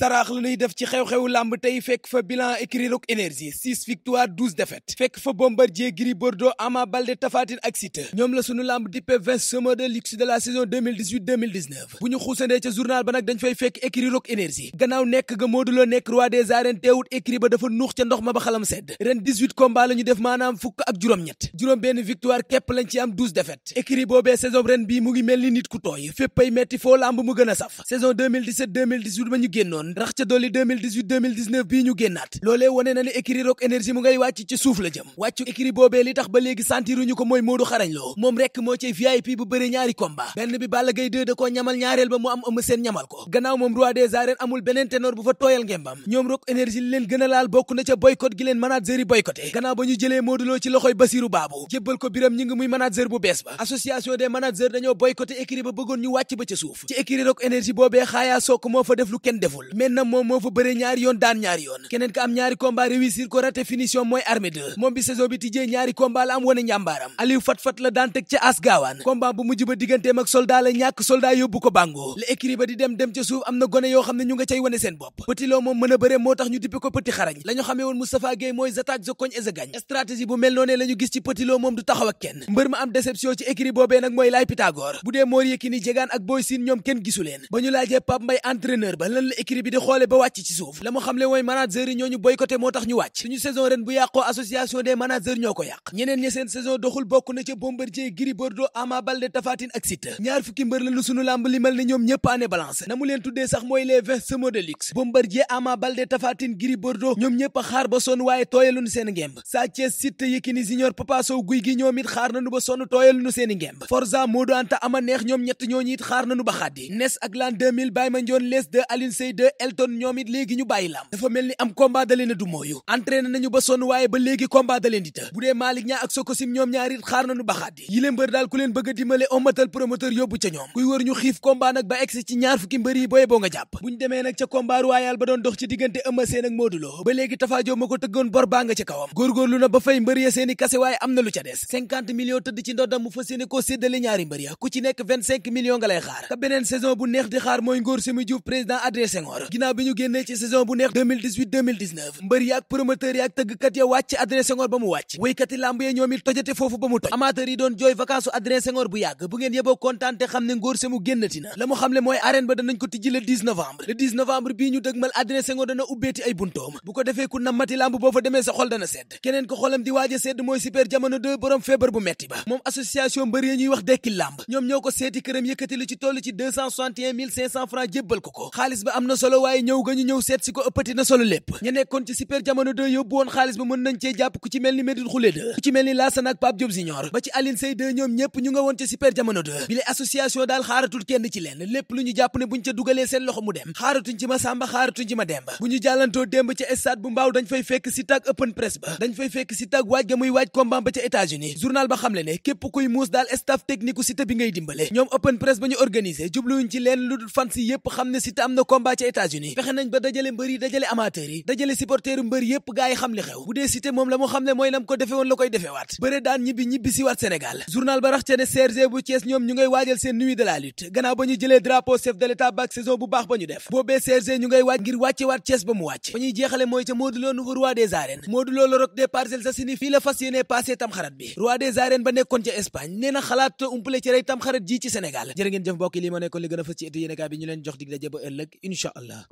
saraax lu nuy def ci xew-xewu làmb tey fekk fa bilan écurie Rock Énergie six victoires douze défaites fekk fa Bombardier Gris Bordeaux Ama Baldé Tapha Tine ak Siteu ñoom la sunu làmb dippe vingt sommets de luxe de la saison 2018 2019 bu ñu xuusandee ca journal ba nag dañ fekk écurie Rock Énergie gannaaw nekk ga Modou Lo nekk roi des arènes teewut écurie ba dafa nuux ca ndox ma ba xalam sedd ren 18 combats la ñu def maanaam fukk ak juróom-ñett juróom benn victoire képp yoon rax ca dolli 2018 2019 bii ñu génnaat loolee wone na ne écurie Rock mu ngay wàcc ci suuf la jëm wàccu écurie boobee li tax ba léegi sentiruñu ko mooy Modou Xarañ Lo moom rekk moo ci VIP bu bëre ñaari combat benn bi Balla Gaye 2 da koo ñamal ñaareel ba mu am Eumeu ñamal ko gannaaw moom roi des arènes amul beneen ténor bu fa tooyal ngembam ñoom Rock Énergie li leen gën a laal bokk na ca boycott gi leen manager yi boycotté gannaaw ba ñu maintenant moom moo fa bëre ñaari yoon daan ñaari yoon keneen ka am ñaari combat réussir ko raté finition mooy armée 2 moom bi saison bi tijjee ñaari combat la am wone njàmbaaram Aliou fat-fat la daan teg ca as gaawaan combat bu mujj ba digganteem ak soldat la ñàkk soldat yóbbu ko bàngoo la écrit ba di dem dem ca suuf am na gone yoo xam ne ñu nga cay wone seen bopp Petit moom mën a moo tax ñu dippe ko Petit xarañ la ñu xamee woon Moustapha Gueye mooy zatak zokoñ et zagañ stratégie bu mel noonee la ñu gis gisu leen ba ñu laajee Pape bi di xoole ba wàcc ci suuf la mu xamle mooy manager yi ñooñu boycotté moo tax ñu wàcc suñu saison ren bu yàqoo association des managers ñoo ko yàq ñeneen ñi seen saison doxul bokk na ca Bombardier Gris Bordeaux Ama Baldé Tapha Tine ak Siteu ñaar fukki mbër la lu sunu làmb limal ne ñoom ñëpp ané balance na mu leen tuddee sax mooy les vingt chevaux de luxe Bombardier Ama Baldé Tapha Gris Bordeaux ñoom ñëpp xaar ba sonn waaye tooyaluñu seen ngemb Sa Thiès Siteu Yékini Junior Papa ba sonn tooyaluñu seen i ngemb Forza Modou ñoom ñett ñooñu it xaar nañu ba xaddi nes Elton ñoom it léegi ñu bàyyi lam dafa mel am combat da du mooyu entraîné nañu ba sonn waaye ba léegi combat da leen di të bu dee Malick Niang ñoom ñaari xaar nañu baxaat yi yile mbër daal ku leen bëgg omatal promoteur yóbbu ca ñoom kuy wër ñu xiif combat ba egsi ci ñaar fukki mbër yi boye boo nga jàpp buñ ca combat royal ba doon dox ci diggante Eumeu Sène ak ba léegi tafaajoo ma ko tëggoon bor baa ca kawam góorgóorlu na ba fay mbër Dakar bi ñu génnee ci saison bu neex 2018 2019 mbër yi ak promoteurs yi ak tëggkat ya wàcc Adrien Senghor ba mu ba mu toj amateur yi doon ñu dëgmal Adrien dana ubbeeti ay buntoom bu ko ku nammati làmb boo fa demee sa xol dana sedd keneen ko xolam di waaj sedd mooy super jamono 2 borom feebar bu metti ba moom association mbër yi ñuy wax dekki làmb ñoom ñoo ko seeti këram yëkkati lu ci toll ci 261 500 francs jébbal solo waaye ñëw ga ñu ñëw seet si ko ëppati na solo lépp ña nekkoon ci super jamono 2 yóbbu woon xaalis ba mën nañ cee jàpp ku ci mel ni Médoune Khoule 2 ci mel ni Lassana ak Pape Diop Junior ba ci Aline Sey 2 ñoom ñépp ñu nga woon ci super jamono 2 bi association daal xaaratul kenn ci leen lépp lu ñu jàpp ne bu ñu jàllantoo démb ca stade bu mbaaw dañ fay fekk si tag press ba dañ fay fekk si waaj ga muy waaj combat ba ca états journal ba xam ne Siteu États-Unis fexe nañ ba dajale mbër dajale amateur dajale supporteru mbër yépp gaa yi xew bu dee Cité moom la mu xam ne nam ko defe woon la koy defewaat bëre daan ñibbi ñibbi si waat Sénégal journal ba rax ca bu Thiès ñoom ñu ngay waajal seen nuit de la lutte gannaaw ba ñu jëlee drapeau de l'état baak saison bu baax ba ñu def boobee CRG ñu ngay waaj ngir wàcce waat Thiès ba mu wàcc ba ñuy jeexale mooy ca Modou Lo nouveau roi des arènes Modou Lo le roc des Parcelles Allah